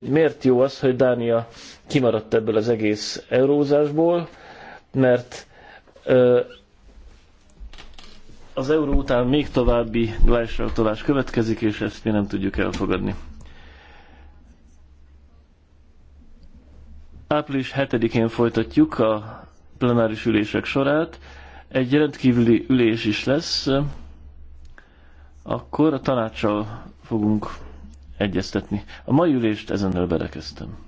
Miért jó az, hogy Dánia kimaradt ebből az egész eurózásból? Mert ö, az euró után még további válságtolás következik, és ezt mi nem tudjuk elfogadni. Április 7-én folytatjuk a plenáris ülések sorát. Egy rendkívüli ülés is lesz, akkor a tanácssal fogunk egyeztetni. A mai ülést ezenről berekeztem.